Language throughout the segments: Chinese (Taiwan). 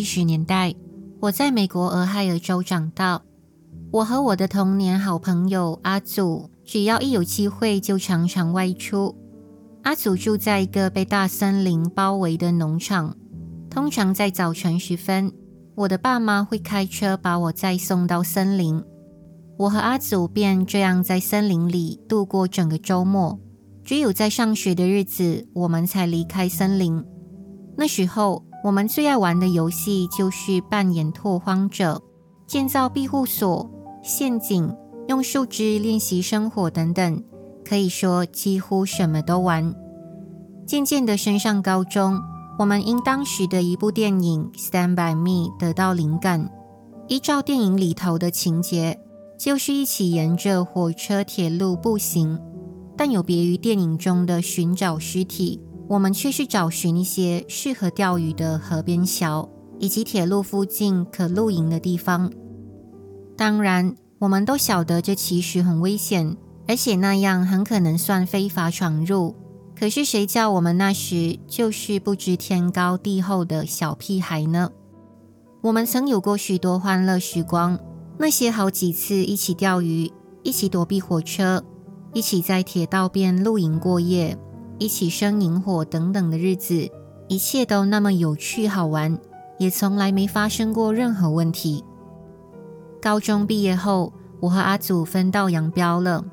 七十年代，我在美國俄亥俄州長大。我和我的童年好朋友阿祖，只要一有機會，就常常外出。阿祖住在一個被大森林包圍的農場。通常在早晨時分，我的爸媽會開車把我再送到森林。我和阿祖便這樣在森林裡度過整個週末。只有在上學的日子，我們才離開森林。那時候，我們最愛玩的遊戲就是扮演拓荒者，建造庇護所、陷阱，用樹枝練習生火等等，可以說幾乎什麼都玩。漸漸的升上高中，我們因當時的一部電影《Stand by Me》得到靈感，依照電影裡頭的情節，就是一起沿着火車鐵路步行，但有別於電影中的尋找屍體。我們卻去，去找尋一些適合釣魚的河邊橋，以及鐵路附近可露營的地方。當然，我們都曉得這其實很危險，而且那樣很可能算非法闖入。可是誰叫我們那時就是不知天高地厚的小屁孩呢？我們曾有過許多歡樂時光，那些好幾次一起釣魚，一起躲避火車，一起在鐵道邊露營過夜，一起生營火等等的日子，一切都那麼有趣好玩，也從來沒發生過任何問題。高中畢業後，我和阿祖分道揚鑣了。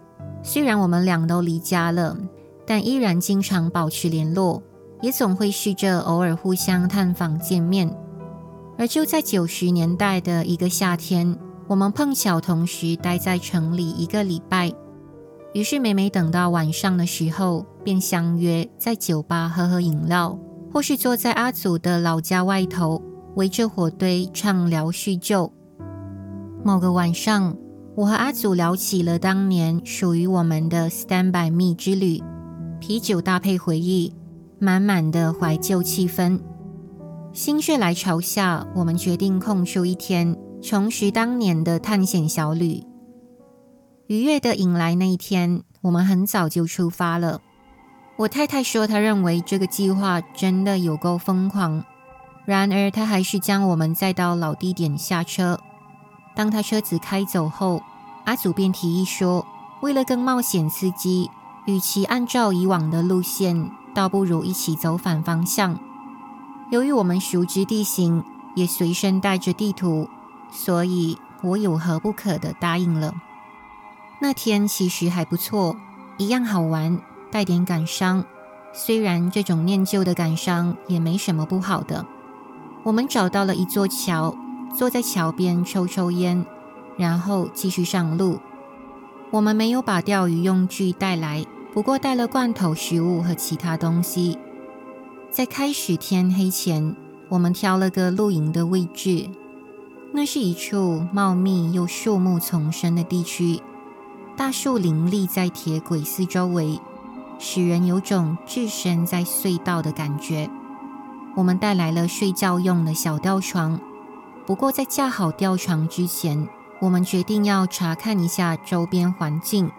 雖然我們倆都離家了，但依然經常保持聯絡，也總會試着偶爾互相探訪見面。而就在九十年代的一個夏天，我們碰巧同時待在城裡一個禮拜。於是每每等到晚上的時候，便相約在酒吧喝喝飲料，或是坐在阿祖的老家外頭，圍着火堆暢聊敘舊。某個晚上，我和阿祖聊起了當年屬於我們的 Stand By Me 之旅，啤酒搭配回憶，滿滿的懷舊氣氛。心血來潮下，我們決定空出一天，重拾當年的探險小旅。愉悅的迎來那一天，我們很早就出發了。我太太說，她認為這個計劃真的有夠瘋狂，然而她還是將我們載到老地點下車。當她車子開走後，阿祖便提議說，為了更冒險刺激，與其按照以往的路線，倒不如一起走反方向。由於我們熟知地形，也隨身帶着地圖，所以我有何不可的答應了。那天其實還不錯，一樣好玩，帶點感傷。雖然這種念舊的感傷也沒什麼不好的。我們找到了一座橋，坐在橋邊抽抽煙，然後繼續上路。我們沒有把釣魚用具帶來，不過帶了罐頭食物和其他東西。在開始天黑前，我們挑了個露營的位置。那是一處茂密又樹木叢生的地區。大樹林立在鐵軌四周圍，使人有種置身在隧道的感覺。我們帶來了睡覺用的小吊床，不過在架好吊床之前，我們決定要查看一下周邊環境。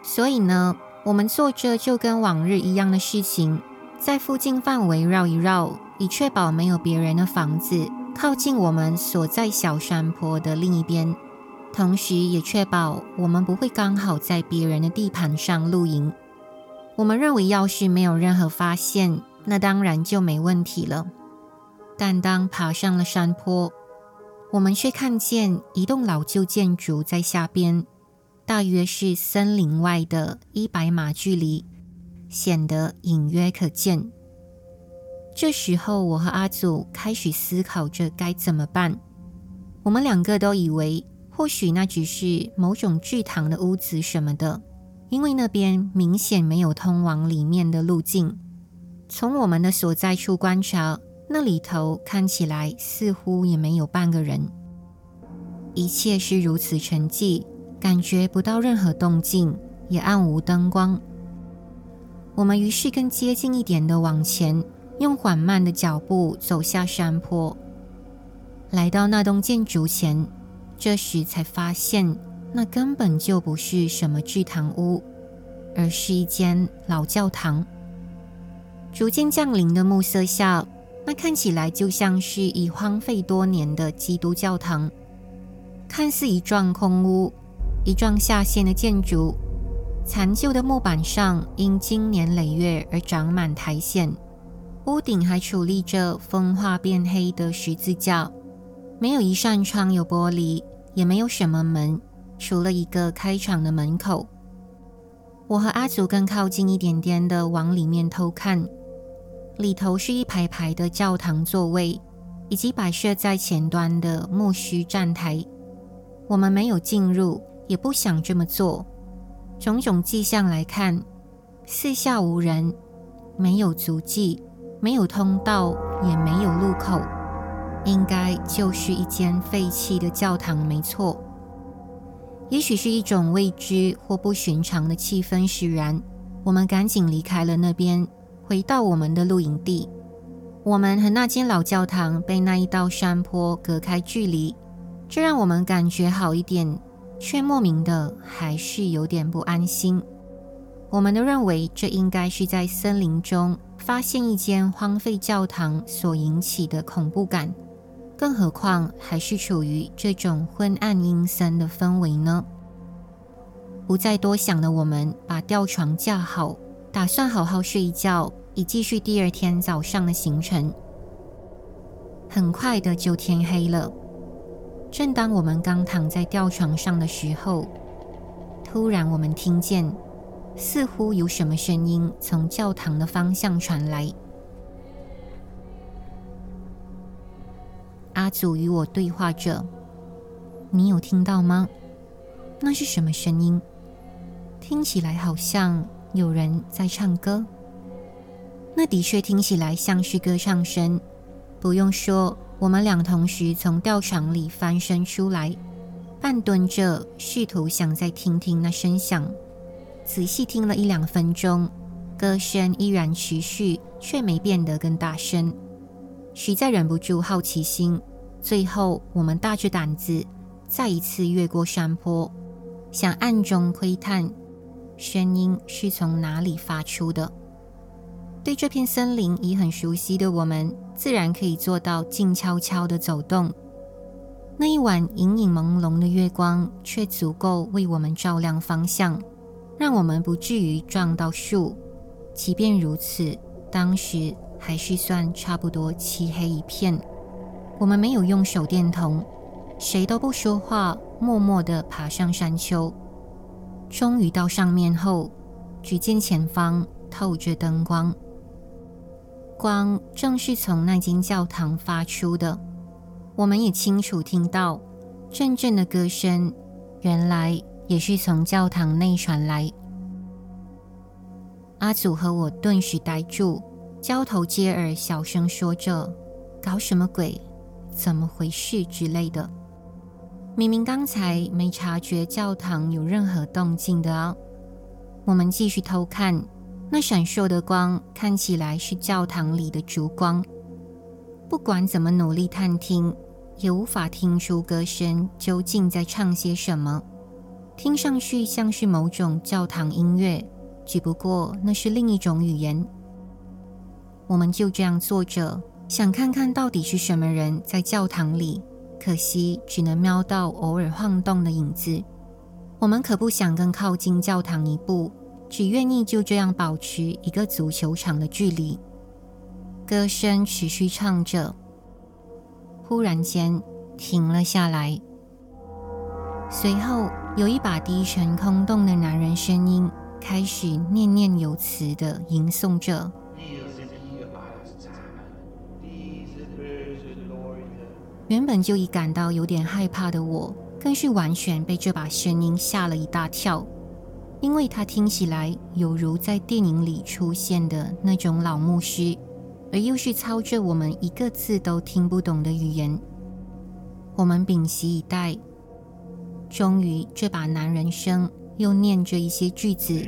所以呢，我們做着就跟往日一樣的事情，在附近範圍繞一繞，以確保沒有別人的房子靠近我們所在小山坡的另一邊。同時也確保我們不會剛好在別人的地盤上露營。我們認為，要是沒有任何發現，那當然就沒問題了。但當爬上了山坡，我們卻看見一棟老舊建築在下邊，大約是森林外的一百碼距離，顯得隱約可見。這時候，我和阿祖開始思考着該怎麼辦。我們兩個都以為，或許那只是某種巨堂的屋子什麼的，因為那邊明顯沒有通往裡面的路徑。從我們的所在處觀察，那裡頭看起來似乎也沒有半個人，一切是如此沉寂，感覺不到任何動靜，也暗無燈光。我們於是更接近一點的往前，用緩慢的腳步走下山坡，來到那棟建築前。這時才發現，那根本就不是什麼祭堂屋，而是一間老教堂。逐漸降臨的暮色下，那看起來就像是已荒廢多年的基督教堂，看似一幢空屋，一幢下陷的建築，殘舊的木板上因經年累月而長滿苔蘚，屋頂還矗立着風化變黑的十字架。沒有一扇窗有玻璃，也沒有什麼門，除了一個開敞的門口。我和阿祖更靠近一點點的往裡面偷看，裡頭是一排排的教堂座位，以及擺設在前端的木須站台。我們沒有進入，也不想這麼做。種種跡象來看，四下無人，沒有足跡，沒有通道，也沒有路口。應該就是一間廢棄的教堂，沒錯。也許是一種未知或不尋常的氣氛使然，我們趕緊離開了那邊，回到我們的露營地。我們和那間老教堂被那一道山坡隔開距離，這讓我們感覺好一點，卻莫名的還是有點不安心。我們都認為這應該是在森林中發現一間荒廢教堂所引起的恐怖感。更何況還是處於這種昏暗陰森的氛圍呢？不再多想了，我們把吊床架好，打算好好睡一覺，以繼續第二天早上的行程。很快的就天黑了。正當我們剛躺在吊床上的時候，突然我們聽見，似乎有什麼聲音從教堂的方向傳來。阿祖與我對話着：“你有聽到嗎？那是什麼聲音？聽起來好像有人在唱歌。那的確聽起來像是歌唱聲。不用說，我們倆同時從吊床裡翻身出來，半蹲着，試圖想再聽聽那聲響。仔細聽了一兩分鐘，歌聲依然持續，卻沒變得更大聲。”實在忍不住好奇心，最後我們大着膽子再一次越過山坡，想暗中窺探聲音是從哪裡發出的。對這片森林已很熟悉的我們，自然可以做到靜悄悄地走動。那一晚隱隱朦朧的月光，卻足夠為我們照亮方向，讓我們不至於撞到樹。即便如此，當時，還是算差不多，漆黑一片。我們沒有用手電筒，誰都不說話，默默的爬上山丘。終於到上面後，只見前方透着燈光，光正是從那間教堂發出的。我們也清楚聽到陣陣的歌聲，原來也是從教堂內傳來。阿祖和我頓時呆住。交頭接耳，小聲說着：“搞什麼鬼？怎麼回事？”之類的。明明剛才沒察覺教堂有任何動靜的啊！我們繼續偷看，那閃爍的光看起來是教堂裡的燭光。不管怎麼努力探聽，也無法聽出歌聲究竟在唱些什麼。聽上去像是某種教堂音樂，只不過那是另一種語言。我們就這樣坐着，想看看到底是什麼人在教堂裡。可惜只能瞄到偶爾晃動的影子。我們可不想更靠近教堂一步，只願意就這樣保持一個足球場的距離。歌聲持續唱着，忽然間停了下來。隨後，有一把低沉空洞的男人聲音開始念念有詞地吟誦着。原本就已感到有點害怕的我，更是完全被這把聲音嚇了一大跳，因為它聽起來有如在電影裡出現的那種老牧師，而又是操着我們一個字都聽不懂的語言。我們屏息以待，終於這把男人聲又念着一些句子，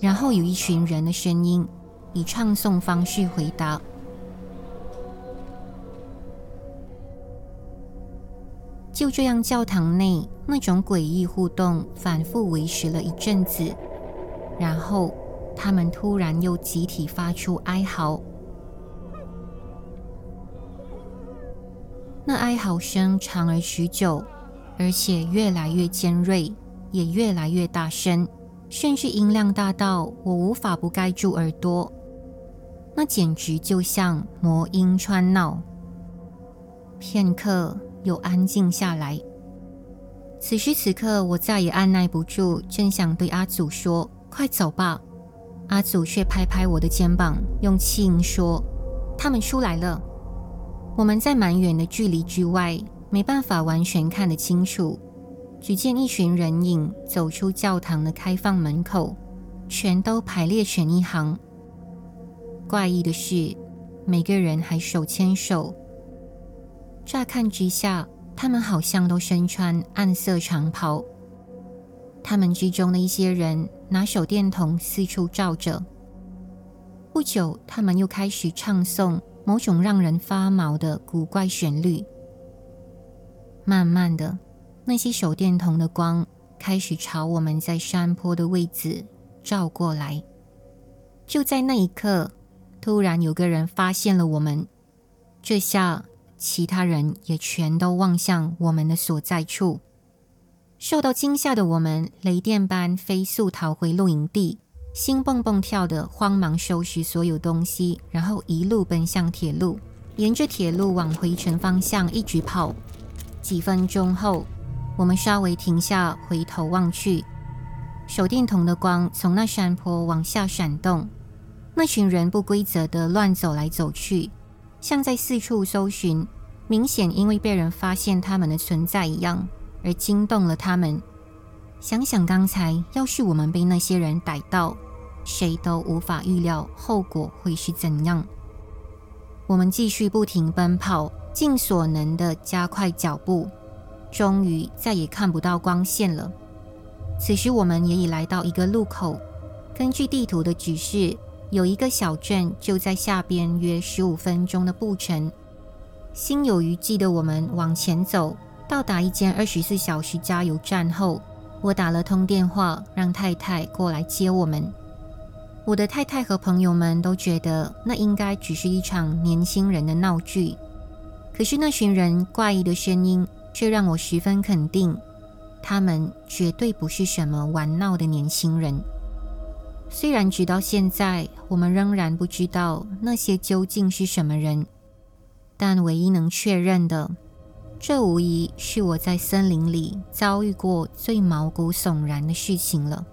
然後有一群人的聲音以唱誦方式回答。就這樣，教堂內那種詭異互動反復維持了一陣子，然後他們突然又集體發出哀嚎。那哀嚎聲長而持久，而且越來越尖銳，也越來越大聲，甚至音量大到我無法不蓋住耳朵。那簡直就像魔音穿腦。片刻。又安靜下來。此時此刻，我再也按捺不住，正想對阿祖說：“快走吧！”阿祖卻拍拍我的肩膀，用氣音說：“他們出來了。我們在蠻遠的距離之外，沒辦法完全看得清楚。只見一群人影走出教堂的開放門口，全都排列成一行。怪異的是，每個人還手牽手。”乍看之下，他們好像都身穿暗色長袍。他們之中的一些人拿手電筒四處照着。不久，他們又開始唱誦某種讓人發毛的古怪旋律。慢慢的，那些手電筒的光開始朝我們在山坡的位置照過來。就在那一刻，突然有個人發現了我們。這下。其他人也全都望向我們的所在處，受到驚嚇的我們雷電般飛速逃回露營地，心蹦蹦跳的，慌忙收拾所有東西，然後一路奔向鐵路，沿着鐵路往回城方向一直跑。幾分鐘後，我們稍微停下，回頭望去，手電筒的光從那山坡往下閃動，那群人不規則的亂走來走去，像在四處搜尋。明顯因為被人發現他們的存在一樣，而驚動了他們。想想剛才，要是我們被那些人逮到，誰都無法預料後果會是怎樣。我們繼續不停奔跑，盡所能地加快腳步，終於再也看不到光線了。此時，我們也已來到一個路口。根據地圖的指示，有一個小鎮就在下邊約十五分鐘的步程。心有餘悸的我們往前走，到達一間二十四小時加油站後，我打了通電話讓太太過來接我們。我的太太和朋友們都覺得那應該只是一場年輕人的鬧劇，可是那群人怪異的聲音卻讓我十分肯定，他們絕對不是什麼玩鬧的年輕人。雖然直到現在，我們仍然不知道那些究竟是什麼人。但唯一能確認的，這無疑是我在森林裡遭遇過最毛骨悚然的事情了。